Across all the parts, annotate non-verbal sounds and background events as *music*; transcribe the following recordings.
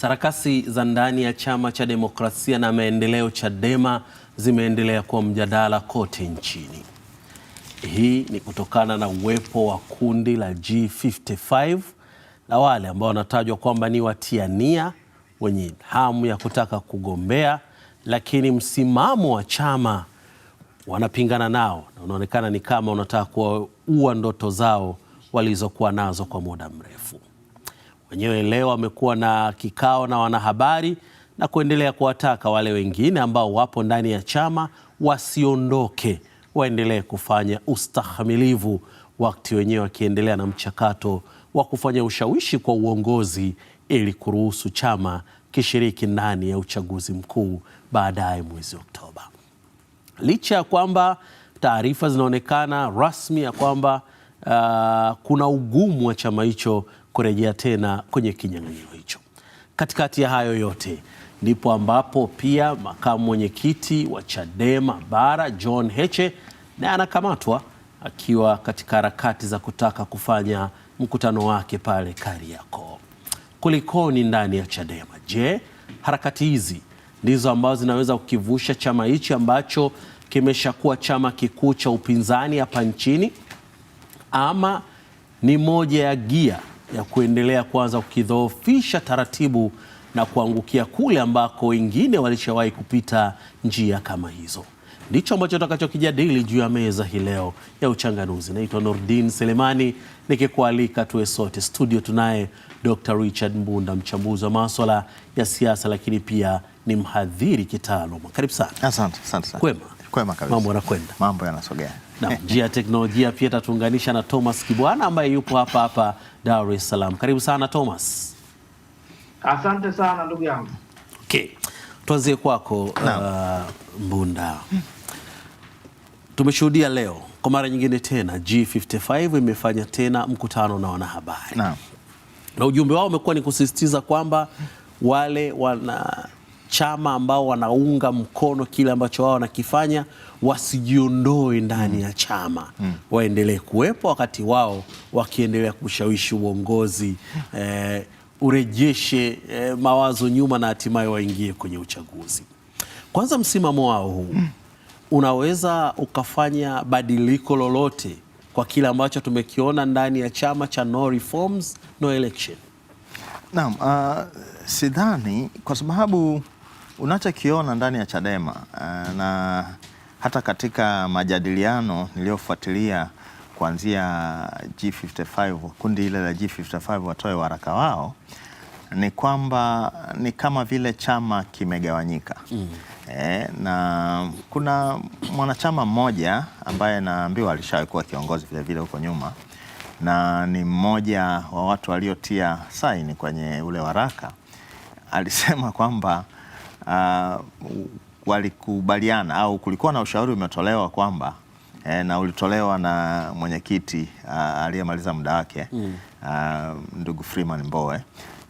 Sarakasi za ndani ya chama cha demokrasia na maendeleo CHADEMA zimeendelea kuwa mjadala kote nchini. Hii ni kutokana na uwepo wa kundi la G55 la wale ambao wanatajwa kwamba ni watiania wenye hamu ya kutaka kugombea, lakini msimamo wa chama wanapingana nao na unaonekana ni kama unataka kuwaua ndoto zao walizokuwa nazo kwa muda mrefu. Wenyewe leo wamekuwa na kikao na wanahabari na kuendelea kuwataka wale wengine ambao wapo ndani ya chama wasiondoke, waendelee kufanya ustahamilivu, wakati wenyewe wakiendelea na mchakato wa kufanya ushawishi kwa uongozi ili kuruhusu chama kishiriki ndani ya uchaguzi mkuu baadaye mwezi Oktoba. Licha ya kwamba taarifa zinaonekana rasmi ya kwamba uh, kuna ugumu wa chama hicho kurejea tena kwenye kinyang'anyiro hicho. Katikati ya hayo yote ndipo ambapo pia makamu mwenyekiti wa Chadema Bara John Heche naye anakamatwa akiwa katika harakati za kutaka kufanya mkutano wake pale Kariakoo. Kulikoni ndani ya Chadema? Je, harakati hizi ndizo ambazo zinaweza kukivusha chama hichi ambacho kimeshakuwa chama kikuu cha upinzani hapa nchini, ama ni moja ya gia ya kuendelea kwanza kukidhoofisha taratibu na kuangukia kule ambako wengine walishawahi kupita njia kama hizo. Ndicho ambacho tutakachokijadili juu ya meza hii leo ya uchanganuzi. Naitwa nordin Selemani nikikualika tuwe sote studio. Tunaye Dr Richard Mbunda, mchambuzi wa maswala ya siasa, lakini pia ni mhadhiri kitaaluma. Karibu sana. asante sana. Kwema. Kwema kabisa. Mambo yanakwenda. Mambo yanasogea. Na njia ya teknolojia pia tatuunganisha na Thomas Kibwana ambaye yupo hapa hapa Dar es Salaam. Karibu sana Thomas. Asante sana ndugu yangu. Okay. Tuanzie kwako uh, Mbunda. Tumeshuhudia leo kwa mara nyingine tena G55 imefanya tena mkutano na wanahabari na, na ujumbe wao umekuwa ni kusisitiza kwamba wale wana chama ambao wanaunga mkono kile ambacho wao wanakifanya wasijiondoe ndani mm. ya chama mm. waendelee kuwepo wakati wao wakiendelea kushawishi uongozi eh, urejeshe eh, mawazo nyuma na hatimaye waingie kwenye uchaguzi. Kwanza, msimamo wao huu mm. unaweza ukafanya badiliko lolote kwa kile ambacho tumekiona ndani ya chama cha no reforms, no election. Naam, uh, sidhani kwa sababu Unachokiona ndani ya Chadema eh, na hata katika majadiliano niliyofuatilia kuanzia G55, kundi ile la G55 watoe waraka wao, ni kwamba ni kama vile chama kimegawanyika mm. E, na kuna mwanachama mmoja ambaye naambiwa alishawahi kuwa kiongozi vilevile huko nyuma na ni mmoja wa watu waliotia saini kwenye ule waraka, alisema kwamba uh, walikubaliana au kulikuwa na ushauri umetolewa kwamba eh, na ulitolewa na mwenyekiti uh, aliyemaliza muda wake mm. uh, ndugu Freeman Mbowe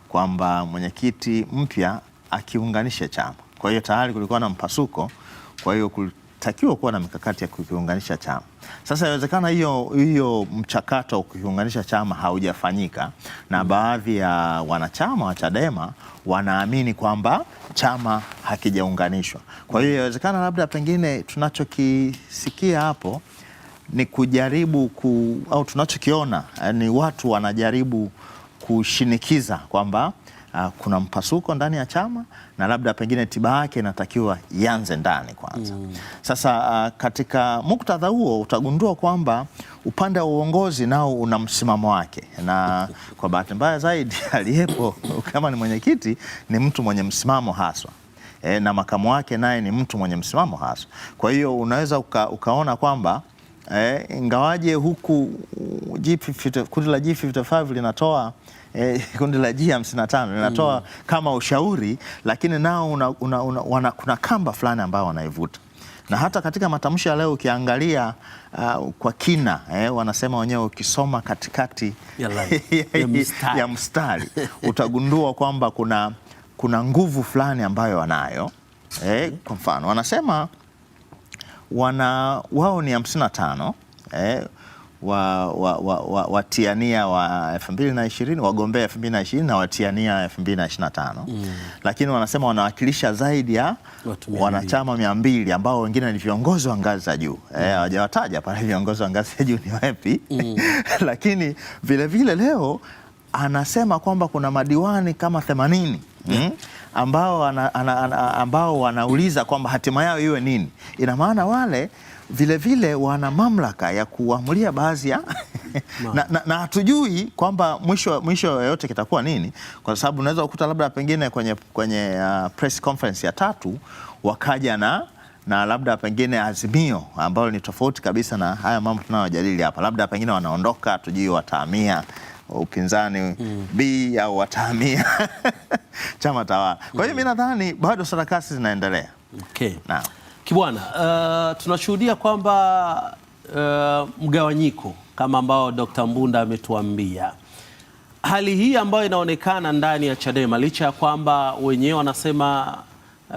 kwamba mwenyekiti mpya akiunganishe chama. Kwa hiyo tayari kulikuwa na mpasuko, kwa hiyo inatakiwa kuwa na mikakati ya kukiunganisha chama. Sasa inawezekana hiyo hiyo mchakato wa kukiunganisha chama haujafanyika na baadhi ya wanachama wa Chadema wanaamini kwamba chama hakijaunganishwa. Kwa hiyo inawezekana labda pengine tunachokisikia hapo ni kujaribu ku, au tunachokiona eh, ni watu wanajaribu kushinikiza kwamba uh, kuna mpasuko ndani ya chama na labda pengine tiba yake inatakiwa ianze ndani kwanza. Mm. Sasa uh, katika muktadha huo utagundua kwamba upande wa uongozi nao una msimamo wake, na kwa bahati mbaya zaidi *laughs* aliyepo kama ni mwenyekiti ni mtu mwenye msimamo haswa. E, na makamu wake naye ni mtu mwenye msimamo haswa. Kwa hiyo unaweza uka, ukaona kwamba eh, ingawaje huku kundi la G55 linatoa eh, *laughs* kundi la G55 linatoa mm. kama ushauri, lakini nao una, una, una, wana, kuna kamba fulani ambayo wanaivuta na hata katika matamshi ya leo ukiangalia uh, kwa kina eh, wanasema wenyewe, ukisoma katikati ya, *laughs* ya mstari, ya mstari utagundua kwamba kuna, kuna nguvu fulani ambayo wanayo eh, kwa mfano wanasema wana wao ni 55 eh, wa, wa, wa, wa, watiania wa 2020 wagombea 2020 na watiania 2025 mm. Lakini wanasema wanawakilisha zaidi ya wanachama mia mbili ambao wengine ni viongozi wa ngazi za juu eh, mm. Eh, hawajawataja pale viongozi wa ngazi za juu ni wapi mm. *laughs* Lakini vilevile vile leo anasema kwamba kuna madiwani kama 80 mm. ambao, ana, ana, ana, ambao wanauliza kwamba hatima yao iwe nini. Ina maana wale vilevile wana mamlaka ya kuamulia baadhi ya *laughs* na hatujui kwamba mwisho mwisho yoyote kitakuwa nini, kwa sababu unaweza kukuta labda pengine kwenye, kwenye uh, press conference ya tatu wakaja na na labda pengine azimio ambalo ni tofauti kabisa na haya mambo tunayojadili hapa, labda pengine wanaondoka, hatujui watahamia upinzani mm. B au watahamia *laughs* chama tawala. Kwa hiyo mm. mi nadhani bado sarakasi zinaendelea. Okay. Kibwana, uh, tunashuhudia kwamba uh, mgawanyiko kama ambao d Mbunda ametuambia hali hii ambayo inaonekana ndani ya Chadema licha ya kwamba wenyewe wanasema uh,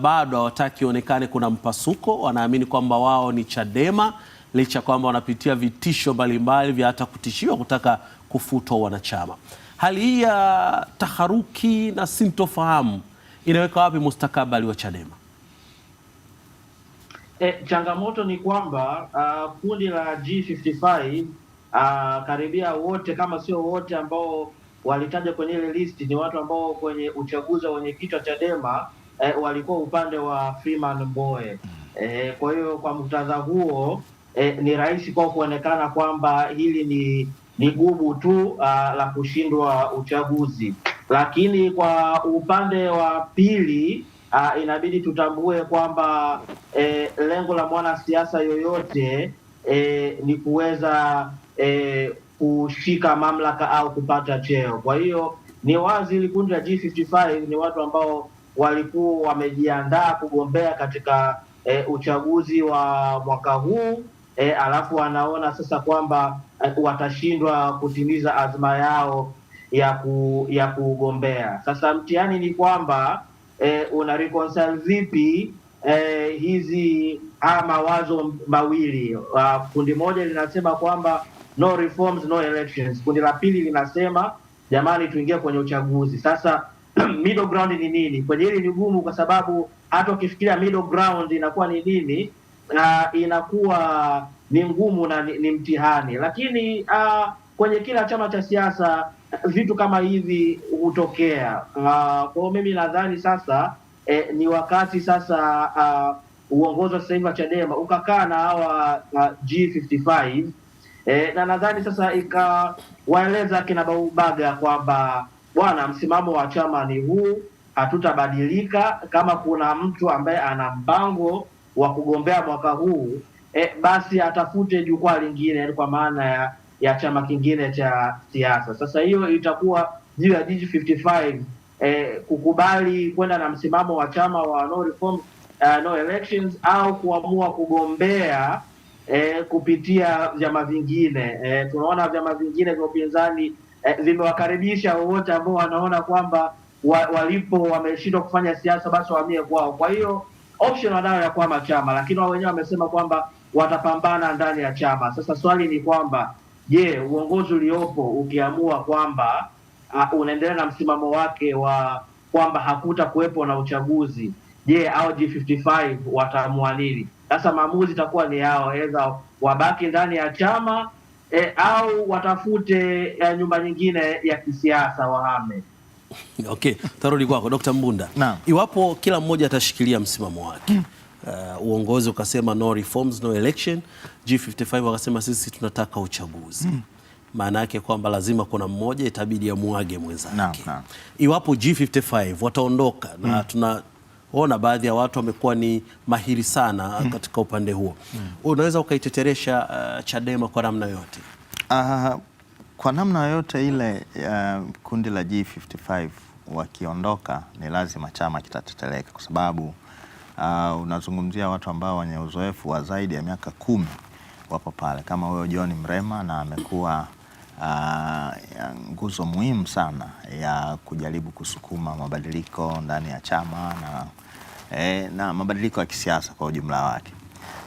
bado hawataki ionekane kuna mpasuko, wanaamini kwamba wao ni Chadema licha ya kwamba wanapitia vitisho mbalimbali vya hata kutishiwa kutaka kufutwa wanachama. Hali hii ya taharuki na sintofahamu inaweka wapi mustakabali wa Chadema? E, changamoto ni kwamba uh, kundi la G55 uh, karibia wote kama sio wote ambao walitaja kwenye ile listi ni watu ambao kwenye uchaguzi wa wenyekiti wa Chadema eh, walikuwa upande wa Freeman Mbowe eh, kwa hiyo kwa mtaza huo eh, ni rahisi kwa kuonekana kwamba hili ni ni gubu tu uh, la kushindwa uchaguzi, lakini kwa upande wa pili uh, inabidi tutambue kwamba eh, lengo la mwanasiasa yoyote eh, ni kuweza eh, kushika mamlaka au kupata cheo. Kwa hiyo ni wazi ili kundi la G55 ni watu ambao walikuwa wamejiandaa kugombea katika e, uchaguzi wa mwaka huu e, alafu wanaona sasa kwamba e, watashindwa kutimiza azma yao ya ku, ya kugombea. Sasa mtihani ni kwamba eh, una reconcile vipi eh, hizi haya ah, mawazo mawili? Uh, kundi moja linasema kwamba no reforms no elections, kundi la pili linasema jamani, tuingie kwenye uchaguzi. Sasa *clears throat* middle ground ni nini? Kwenye hili ni gumu, kwa sababu hata ukifikiria middle ground inakuwa ni nini, na inakuwa ni ngumu na ni, ni mtihani, lakini uh, kwenye kila chama cha siasa vitu kama hivi hutokea. Kwa hiyo mimi nadhani sasa eh, ni wakati sasa uh, uongozi wa sasa hivi wa Chadema ukakaa na hawa uh, G55 eh, na nadhani sasa ikawaeleza kina Baubaga kwamba bwana, msimamo wa chama ni huu, hatutabadilika. Kama kuna mtu ambaye ana mpango wa kugombea mwaka huu eh, basi atafute jukwaa lingine, kwa maana ya ya chama kingine cha siasa. Sasa hiyo itakuwa juu ya dg 55 eh, kukubali kwenda na msimamo wa chama wa no reform, uh, no elections au kuamua kugombea eh, kupitia vyama vingine eh, tunaona vyama vingine vya upinzani eh, vimewakaribisha wowote ambao wanaona kwamba wa, walipo wameshindwa kufanya siasa basi wahamie kwao. Kwa hiyo option wanayo ya kuhama chama, lakini wao wenyewe wamesema kwamba watapambana ndani ya chama. Sasa swali ni kwamba Je, uongozi uliopo ukiamua kwamba uh, unaendelea na msimamo wake wa kwamba hakuta kuwepo na uchaguzi, je, au G55 wataamua nini? Sasa maamuzi itakuwa ni yao, aidha wabaki ndani ya chama e, au watafute e, nyumba nyingine ya kisiasa wahame. Okay, tarudi kwako Dr. Mbunda. Naam. Iwapo kila mmoja atashikilia msimamo wake hmm. Uh, uongozi ukasema no reforms no election. G55 wakasema sisi tunataka uchaguzi mm. Maana yake kwamba lazima kuna mmoja itabidi amwage mwenzake no, no. Iwapo G55 wataondoka mm. na hmm. tunaona baadhi ya watu wamekuwa ni mahiri sana mm. katika upande huo mm. Unaweza ukaiteteresha uh, Chadema kwa namna yote uh, kwa namna yoyote ile uh, kundi la G55 wakiondoka ni lazima chama kitateteleka kwa sababu uh, unazungumzia watu ambao wenye uzoefu wa zaidi ya miaka kumi wapo pale kama huyo John Mrema, na amekuwa uh, nguzo muhimu sana ya kujaribu kusukuma mabadiliko ndani ya chama na, eh, na mabadiliko ya kisiasa kwa ujumla wake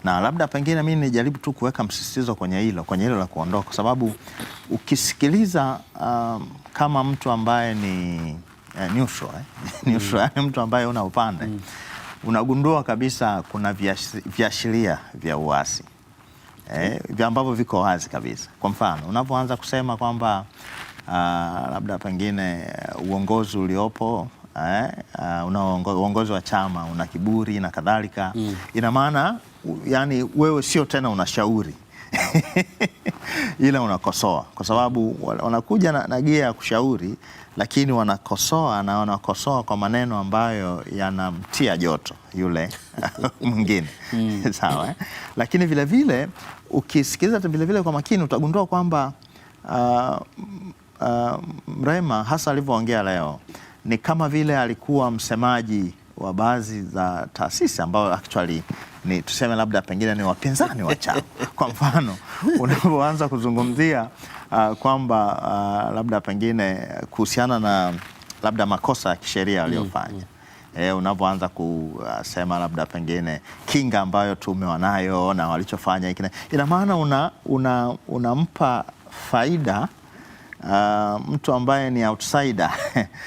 na labda pengine mimi nijaribu tu kuweka msisitizo kwenye hilo kwenye hilo la kuondoka, kwa sababu ukisikiliza um, kama mtu ambaye ni eh, neutral eh? *laughs* neutral mm. mtu ambaye una upande mm unagundua kabisa kuna viashiria vya uasi eh, vya ambavyo viko wazi kabisa. Kwa mfano unapoanza kusema kwamba uh, labda pengine eh, uongozi uliopo eh, uh, una uongozi wa chama una kiburi na kadhalika mm. ina maana yani wewe sio tena unashauri *laughs* ila unakosoa kwa sababu wanakuja na, na gia ya kushauri, lakini wanakosoa na wanakosoa kwa maneno ambayo yanamtia joto yule *laughs* mwingine mm. *laughs* sawa eh? Lakini vilevile ukisikiliza vile kwa makini utagundua kwamba uh, uh, Mrema hasa alivyoongea leo ni kama vile alikuwa msemaji wa baadhi za taasisi ambayo actually ni tuseme labda pengine ni wapinzani wa chama. Kwa mfano unapoanza kuzungumzia uh, kwamba uh, labda pengine kuhusiana na labda makosa ya kisheria waliofanya mm-hmm. E, eh, unavyoanza kusema labda pengine kinga ambayo tume wanayo na walichofanya hiki, ina maana una, una, unampa faida uh, mtu ambaye ni outsider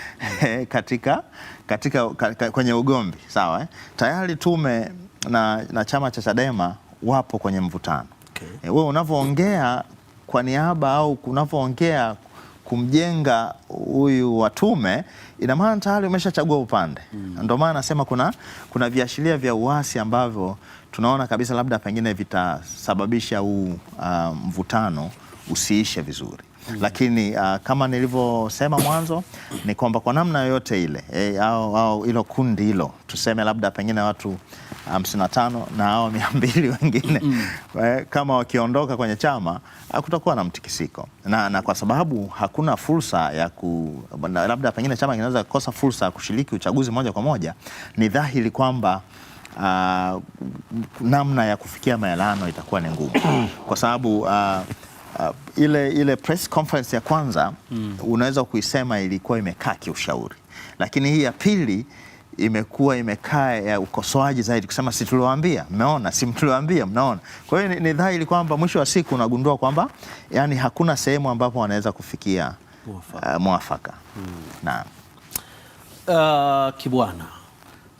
*laughs* katika, katika, katika kwenye ugomvi sawa eh? Tayari tume na, na chama cha Chadema wapo kwenye mvutano okay. E, wewe unavyoongea kwa niaba au unavyoongea kumjenga huyu watume ina maana tayari umeshachagua upande mm. Ndio maana nasema kuna, kuna viashiria vya uasi ambavyo tunaona kabisa labda pengine vitasababisha huu uh, mvutano usiishe vizuri mm. Lakini uh, kama nilivyosema mwanzo ni kwamba kwa namna yoyote ile e, au, au ilo kundi hilo tuseme labda pengine watu 55 na hao mia mbili wengine mm -mm. Kama wakiondoka kwenye chama hakutakuwa ah, na mtikisiko na, na kwa sababu hakuna fursa ya ku, labda pengine chama kinaweza kukosa fursa ya kushiriki uchaguzi moja kwa moja, ni dhahiri kwamba uh, namna ya kufikia maelano itakuwa ni ngumu *coughs* kwa sababu uh, uh, ile, ile press conference ya kwanza mm. unaweza kuisema ilikuwa imekaa kiushauri, lakini hii ya pili imekuwa imekaa ya ukosoaji zaidi, kusema si tuliwaambia, mmeona, si mtuliwaambia, mnaona. Kwa hiyo ni, ni dhahiri kwamba mwisho wa siku unagundua kwamba yani hakuna sehemu ambapo wanaweza kufikia uh, mwafaka hmm. na Uh, kibwana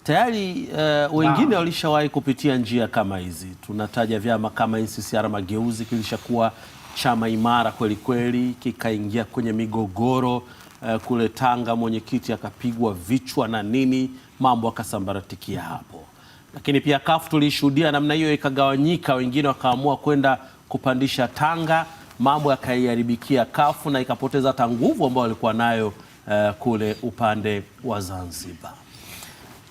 tayari uh, wengine walishawahi kupitia njia kama hizi. Tunataja vyama kama NCCR Mageuzi, kilishakuwa chama imara kweli kweli, kikaingia kwenye migogoro uh, kule Tanga mwenyekiti akapigwa vichwa na nini mambo akasambaratikia hapo. Lakini pia CAF tulishuhudia namna hiyo ikagawanyika, wengine wakaamua kwenda kupandisha tanga, mambo yakaiharibikia CAF na ikapoteza hata nguvu ambayo walikuwa nayo uh, kule upande wa Zanzibar.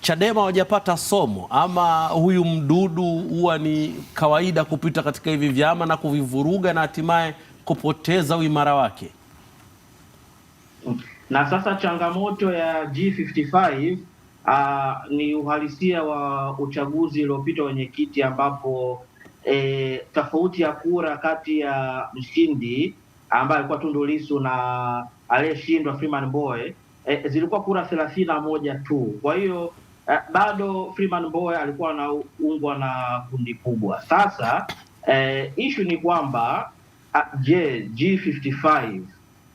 Chadema hawajapata somo ama huyu mdudu huwa ni kawaida kupita katika hivi vyama na kuvivuruga na hatimaye kupoteza uimara wake. Na sasa changamoto ya G55 uh, ni uhalisia wa uchaguzi uliopita wenyekiti, ambapo e, tofauti ya kura kati ya mshindi ambaye alikuwa Tundu Lissu na aliyeshindwa Freeman Mbowe e, zilikuwa kura thelathini na moja tu. Kwa hiyo e, bado Freeman Mbowe alikuwa anaungwa na kundi kubwa. Sasa e, ishu ni kwamba ah, je, G55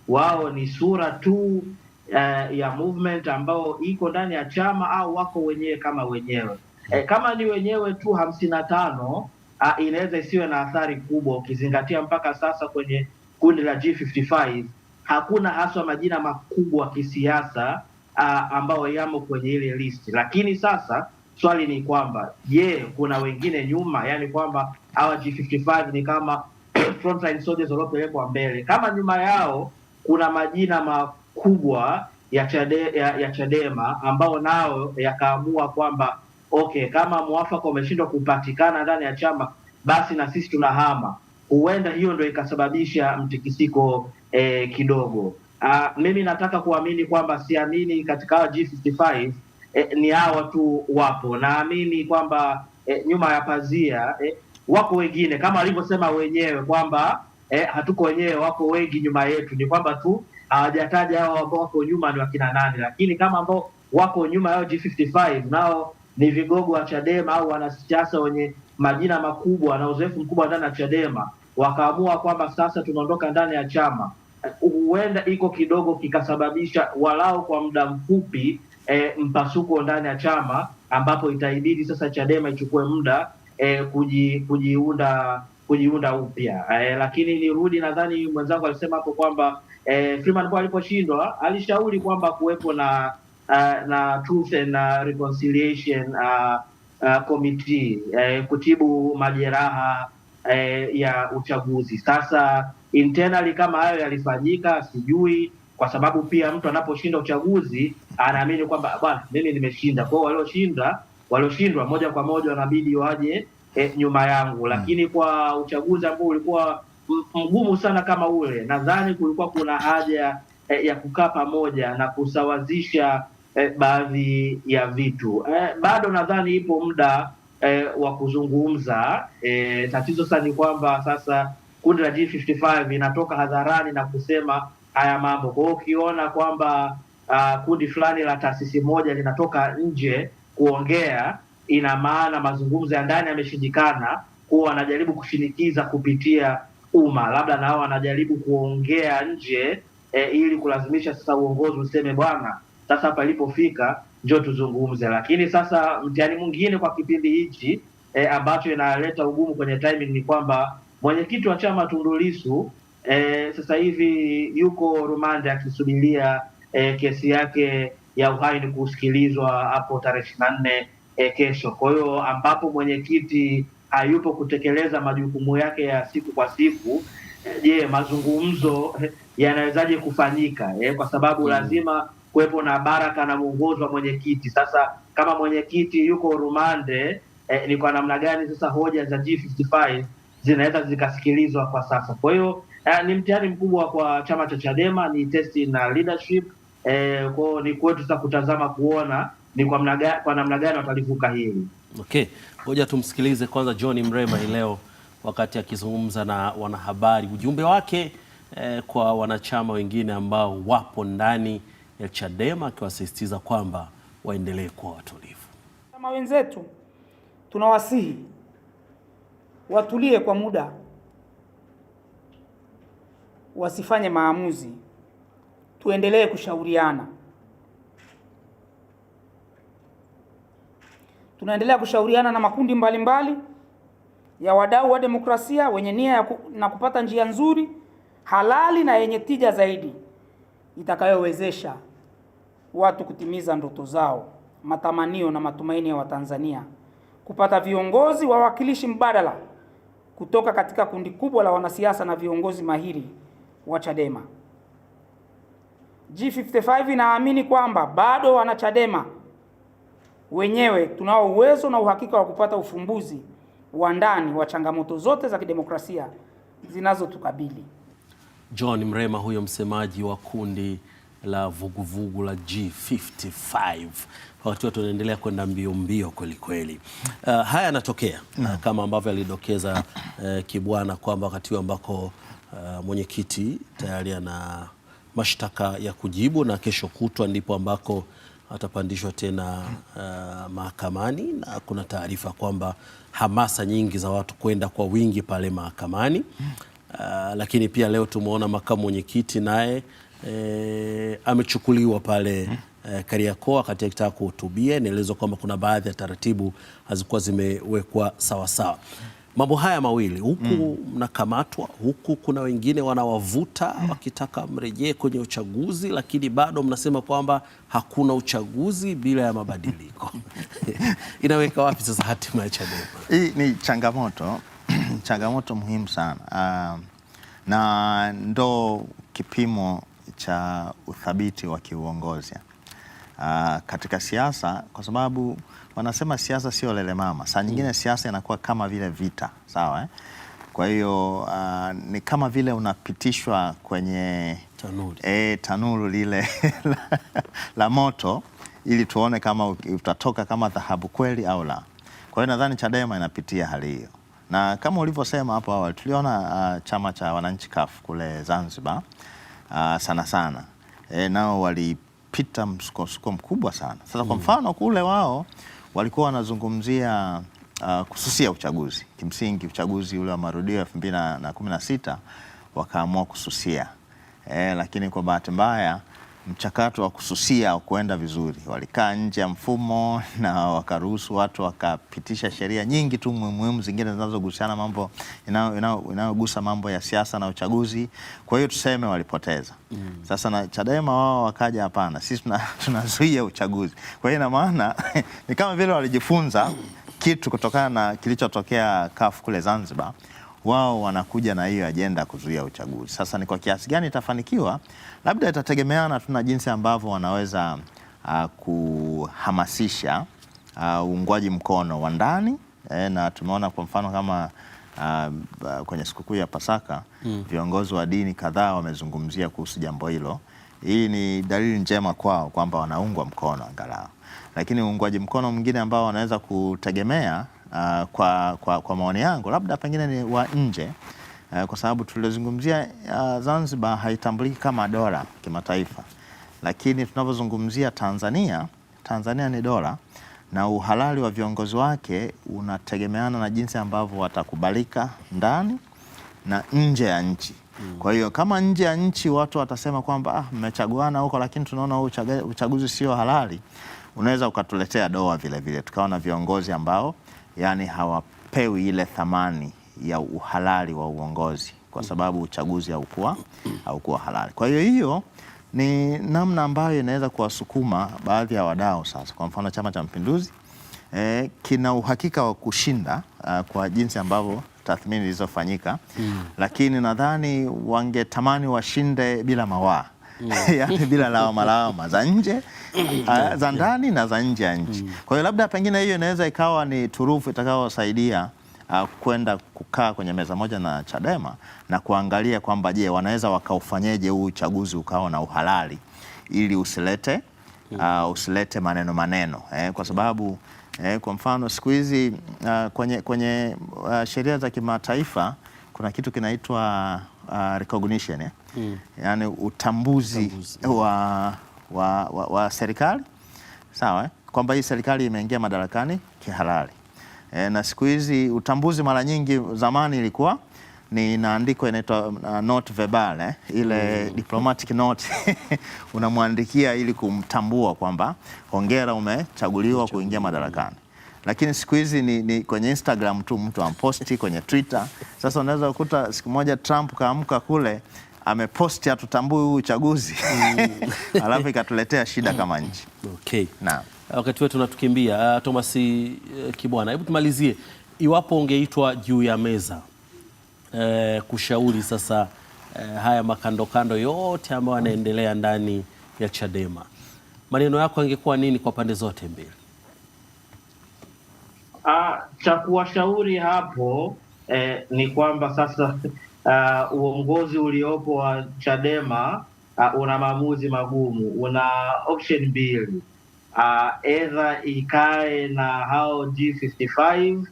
wao ni sura tu eh, ya movement ambao iko ndani ya chama au wako wenyewe kama wenyewe eh, kama ni wenyewe tu hamsini na tano ah, inaweza isiwe na athari kubwa, ukizingatia mpaka sasa kwenye kundi la G55 hakuna haswa majina makubwa kisiasa ah, ambayo yamo kwenye ile list. lakini sasa swali ni kwamba je, kuna wengine nyuma? Yani kwamba hawa G55 ni kama *clears throat* frontline soldiers waliopelekwa mbele, kama nyuma yao kuna majina ma kubwa ya, chade, ya, ya Chadema ambao nao yakaamua kwamba okay, kama mwafaka umeshindwa kupatikana ndani ya chama, basi na sisi tunahama. Huenda hiyo ndio ikasababisha mtikisiko eh, kidogo. Aa, ah, mimi nataka kuamini kwamba siamini katika G55 eh, ni hawa tu wapo. Naamini kwamba e, nyuma ya pazia e, wako wengine kama walivyosema wenyewe kwamba e, hatuko wenyewe, wako wengi nyuma yetu. Ni kwamba tu hawajataja hao ambao wako nyuma ni wakina nani, lakini kama ambao wako nyuma yao G55 nao ni vigogo wa Chadema au wanasiasa wenye majina makubwa na uzoefu mkubwa ndani ya Chadema, wakaamua kwamba sasa tunaondoka ndani ya chama, huenda iko kidogo kikasababisha walau kwa muda mfupi e, mpasuko ndani ya chama, ambapo itaibidi sasa Chadema ichukue muda e, kuji, kujiunda kujiunda upya e, lakini nirudi, nadhani mwenzangu alisema hapo kwamba eh, Freeman Mbowe aliposhindwa alishauri kwamba kuwepo na uh, na Truth and uh, Reconciliation uh, uh, Committee eh, kutibu majeraha eh, ya uchaguzi. Sasa internally kama hayo yalifanyika sijui, kwa sababu pia mtu anaposhinda uchaguzi anaamini kwamba bwana, mimi nimeshinda, kwa hiyo walioshinda walioshindwa moja kwa moja wanabidi waje eh, nyuma yangu, hmm. lakini kwa uchaguzi ambao ulikuwa mgumu sana kama ule, nadhani kulikuwa kuna haja eh, ya kukaa pamoja na kusawazisha eh, baadhi ya vitu eh, bado nadhani ipo muda eh, wa kuzungumza eh, tatizo sasa ni kwamba sasa kundi la G55 inatoka hadharani na kusema haya mambo. Kwa hiyo ukiona kwamba uh, kundi fulani la taasisi moja linatoka nje kuongea, ina maana mazungumzo ya ndani yameshindikana, kuwa wanajaribu kushinikiza kupitia umma, labda nao wanajaribu kuongea nje e, ili kulazimisha sasa uongozi useme bwana, sasa hapa ilipofika njo tuzungumze. Lakini sasa mtihani mwingine kwa kipindi hichi e, ambacho inaleta ugumu kwenye timing ni kwamba mwenyekiti wa chama Tundu Lissu e, sasa hivi yuko rumande akisubiria e, kesi yake ya uhaini kusikilizwa hapo tarehe ishirini na nne e, kesho. Kwa hiyo ambapo mwenyekiti hayupo kutekeleza majukumu yake ya siku kwa siku, eh, je, mazungumzo eh, yanawezaje kufanyika eh? Kwa sababu hmm. lazima kuwepo na baraka na mwongozo wa mwenyekiti. Sasa kama mwenyekiti yuko rumande eh, ni kwa namna gani sasa hoja za G55 zinaweza zikasikilizwa kwa sasa? Kwa hiyo eh, ni mtihani mkubwa kwa chama cha Chadema, ni test na leadership eh, kwao ni kwetu sasa kutazama kuona ni kwa namna gani watalivuka hili. Okay, ngoja tumsikilize kwanza John Mrema hii leo wakati akizungumza na wanahabari, ujumbe wake eh, kwa wanachama wengine ambao wapo ndani ya Chadema akiwasisitiza kwamba waendelee kuwa watulivu. Kama wenzetu tunawasihi watulie kwa muda, wasifanye maamuzi, tuendelee kushauriana tunaendelea kushauriana na makundi mbalimbali mbali ya wadau wa demokrasia wenye nia ya ku, na kupata njia nzuri halali na yenye tija zaidi itakayowezesha watu kutimiza ndoto zao, matamanio na matumaini ya Watanzania, kupata viongozi wawakilishi mbadala kutoka katika kundi kubwa la wanasiasa na viongozi mahiri wa Chadema. G55 inaamini kwamba bado wanachadema Chadema wenyewe tunao uwezo na uhakika wa kupata ufumbuzi wa ndani wa changamoto zote za kidemokrasia zinazotukabili. John Mrema huyo msemaji wa kundi la vuguvugu vugu la G55. Wakati watu wanaendelea kwenda mbio mbio kweli kweli. Uh, haya yanatokea uh, kama ambavyo alidokeza uh, Kibwana kwamba wakati ambako uh, mwenyekiti tayari ana mashtaka ya kujibu na kesho kutwa ndipo ambako atapandishwa tena uh, mahakamani na kuna taarifa kwamba hamasa nyingi za watu kwenda kwa wingi pale mahakamani uh, lakini pia leo tumeona makamu mwenyekiti naye eh, amechukuliwa pale eh, Kariakoo wakati akitaka kuhutubia. Inaelezwa kwamba kuna baadhi ya taratibu hazikuwa zimewekwa sawasawa mambo haya mawili huku mm. mnakamatwa huku kuna wengine wanawavuta mm. wakitaka mrejee kwenye uchaguzi, lakini bado mnasema kwamba hakuna uchaguzi bila ya mabadiliko *laughs* *laughs* inaweka wapi sasa hatima ya Chadema? Hii ni changamoto *clears throat* changamoto muhimu sana uh, na ndo kipimo cha uthabiti wa kiuongozi uh, katika siasa kwa sababu wanasema siasa sio lelemama, saa nyingine mm. siasa inakuwa kama vile vita, sawa eh? Kwa hiyo uh, ni kama vile unapitishwa kwenye tanuru, e, tanuru lile la, *laughs* la moto ili tuone kama utatoka kama dhahabu kweli au la. Kwa hiyo nadhani Chadema inapitia hali hiyo, na kama ulivyosema hapo awali tuliona uh, chama cha wananchi kafu kule Zanzibar uh, sana sana e, nao walipita msukosuko mkubwa sana. Sasa kwa mm. mfano kule wao walikuwa wanazungumzia uh, kususia uchaguzi. Kimsingi uchaguzi ule wa marudio elfu mbili na kumi na sita wakaamua kususia eh, lakini kwa bahati mbaya mchakato wa kususia kuenda vizuri. Walikaa nje ya mfumo *laughs* na wakaruhusu watu wakapitisha sheria nyingi tu muhimu zingine zinazogusiana mambo inayogusa mambo ya siasa na uchaguzi. Kwa hiyo tuseme walipoteza. Mm. Sasa na Chadema wao wakaja, hapana, sisi *laughs* tunazuia tuna uchaguzi. Kwa hiyo ina maana *laughs* ni kama vile walijifunza kitu kutokana na kilichotokea kafu kule Zanzibar wao wanakuja na hiyo ajenda kuzuia uchaguzi. Sasa ni kwa kiasi gani itafanikiwa, labda itategemeana tu na jinsi ambavyo wanaweza uh, kuhamasisha ah, uungwaji uh, mkono wa ndani eh, na tumeona kwa mfano kama uh, kwenye sikukuu ya Pasaka mm. viongozi wa dini kadhaa wamezungumzia kuhusu jambo hilo. Hii ni dalili njema kwao kwamba wanaungwa mkono angalau, lakini uungwaji mkono mwingine ambao wanaweza kutegemea uh, kwa, kwa, kwa maoni yangu labda pengine ni wa nje uh, kwa sababu tulizungumzia uh, Zanzibar haitambuliki kama dola kimataifa, lakini tunavyozungumzia Tanzania, Tanzania ni dola na uhalali wa viongozi wake unategemeana na jinsi ambavyo watakubalika ndani na nje ya nchi. Mm. Kwa hiyo kama nje ya nchi watu watasema kwamba ah, mmechaguana huko lakini tunaona huu uchaguzi sio halali, unaweza ukatuletea doa vile vile, tukawa na viongozi ambao yani hawapewi ile thamani ya uhalali wa uongozi kwa sababu uchaguzi haukuwa haukuwa halali. Kwa hiyo hiyo ni namna ambayo inaweza kuwasukuma baadhi ya wadau sasa, kwa mfano Chama cha Mapinduzi e, kina uhakika wa kushinda a, eh, kwa jinsi ambavyo tathmini zilizofanyika mm. Lakini nadhani wangetamani washinde bila mawaa *laughs* yani bila lawama lawama za nje *clears throat* eh, za ndani na za nje ya nchi. Mm. Kwa hiyo labda pengine hiyo inaweza ikawa ni turufu itakayosaidia ah, kwenda kukaa kwenye meza moja na Chadema na kuangalia kwamba je, wanaweza wakaufanyeje huu uchaguzi ukawa na uhalali ili usilete uh, usilete maneno maneno eh, kwa sababu eh, kwa mfano siku hizi uh, kwenye, kwenye uh, sheria za kimataifa kuna kitu kinaitwa uh, recognition eh? mm. yani utambuzi, utambuzi. Wa, wa, wa, wa serikali sawa eh? kwamba hii serikali imeingia madarakani kihalali e, na siku hizi utambuzi mara nyingi, zamani ilikuwa ni naandiko inaitwa uh, note verbal eh? ile mm. diplomatic note *laughs* unamwandikia ili kumtambua kwamba hongera, umechaguliwa kuingia madarakani lakini siku hizi ni, ni kwenye Instagram tu mtu amposti kwenye Twitter. Sasa unaweza kukuta siku moja Trump kaamka kule ameposti hatutambui huu uchaguzi mm. *laughs* alafu ikatuletea shida kama nchi. Okay. Naam. Wakati wetu natukimbia Uh, ah, Thomas uh, Kibwana, hebu tumalizie, iwapo ungeitwa juu ya meza uh, kushauri sasa uh, haya makandokando yote ambayo yanaendelea ndani ya Chadema, maneno yako angekuwa nini kwa pande zote mbili? cha kuwashauri hapo eh, ni kwamba sasa uh, uongozi uliopo wa Chadema uh, una maamuzi magumu, una option mbili uh, either ikae na hao G55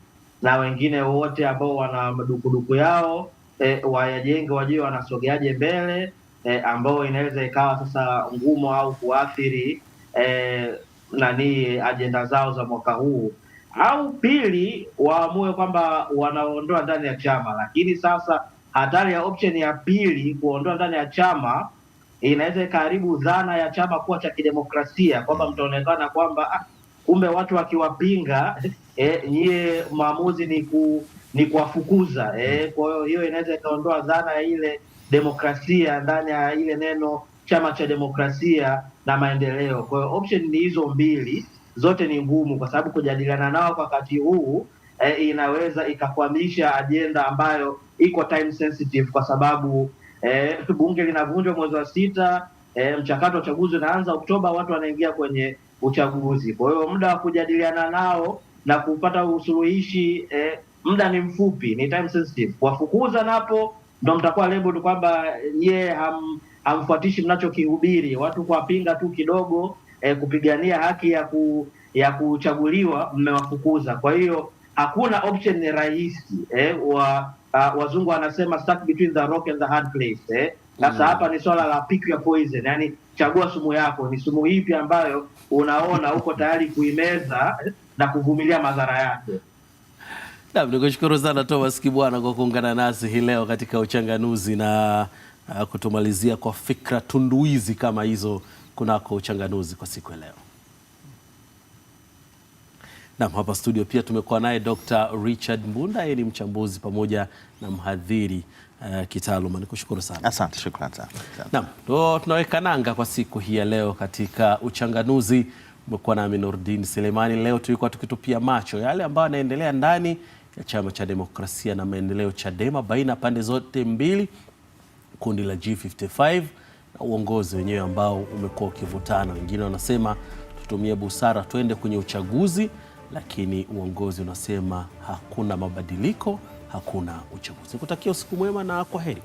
na wengine wote ambao wana madukuduku yao eh, wayajenge, wajue wanasogeaje mbele eh, ambao inaweza ikawa sasa ngumu au kuathiri eh, nani ajenda zao za mwaka huu au pili waamue kwamba wanaondoa ndani ya chama. Lakini sasa hatari ya option ya pili kuondoa ndani ya chama inaweza ikaharibu dhana ya chama kuwa cha kidemokrasia, kwamba mtaonekana kwamba ah, kumbe watu wakiwapinga *laughs* eh, nyie maamuzi ni ku, ni kuwafukuza eh. Kwa hiyo hiyo inaweza ikaondoa dhana ya ile demokrasia ndani ya ile neno chama cha demokrasia na maendeleo. Kwa hiyo option ni hizo mbili zote ni ngumu, kwa sababu kujadiliana nao kwa wakati huu eh, inaweza ikakwamisha ajenda ambayo iko time sensitive, kwa sababu eh, *laughs* bunge linavunjwa mwezi wa sita eh, mchakato wa uchaguzi unaanza Oktoba, watu wanaingia kwenye uchaguzi. Kwa hiyo muda wa kujadiliana nao na kupata usuluhishi eh, muda ni mfupi, ni time sensitive. Kuwafukuza napo ndo mtakuwa tu kwamba yeye eh, yeah, hamfuatishi mnachokihubiri. Watu kuwapinga tu kidogo eh, kupigania haki ya ku, ya kuchaguliwa mmewafukuza. Kwa hiyo hakuna option rahisi eh, wa uh, wazungu wanasema stuck between the rock and the hard place eh. Sasa mm. hapa ni swala la pick your poison, yani chagua sumu yako, ni sumu ipi ambayo unaona uko tayari kuimeza na kuvumilia madhara yake. Nikushukuru sana Thomas Kibwana kwa kuungana nasi hii leo katika uchanganuzi na uh, kutumalizia kwa fikra tunduizi kama hizo kunako Uchanganuzi kwa siku ya leo. Nam, hapa studio pia tumekuwa naye Dr. Richard Mbunda, yeye ni mchambuzi pamoja na mhadhiri uh, kitaaluma. Nikushukuru sana. Asante, shukrani sana. Naam, ndio tunaweka nanga kwa siku hii ya leo katika Uchanganuzi. Umekuwa nami Nurdin Selemani. Leo tulikuwa tukitupia macho yale ambayo yanaendelea ndani ya Chama cha Demokrasia na Maendeleo, Chadema, baina ya pande zote mbili, kundi la G55 na uongozi wenyewe ambao umekuwa ukivutana. Wengine wanasema tutumie busara, twende kwenye uchaguzi, lakini uongozi unasema hakuna mabadiliko, hakuna uchaguzi. kutakia usiku mwema na kwa heri.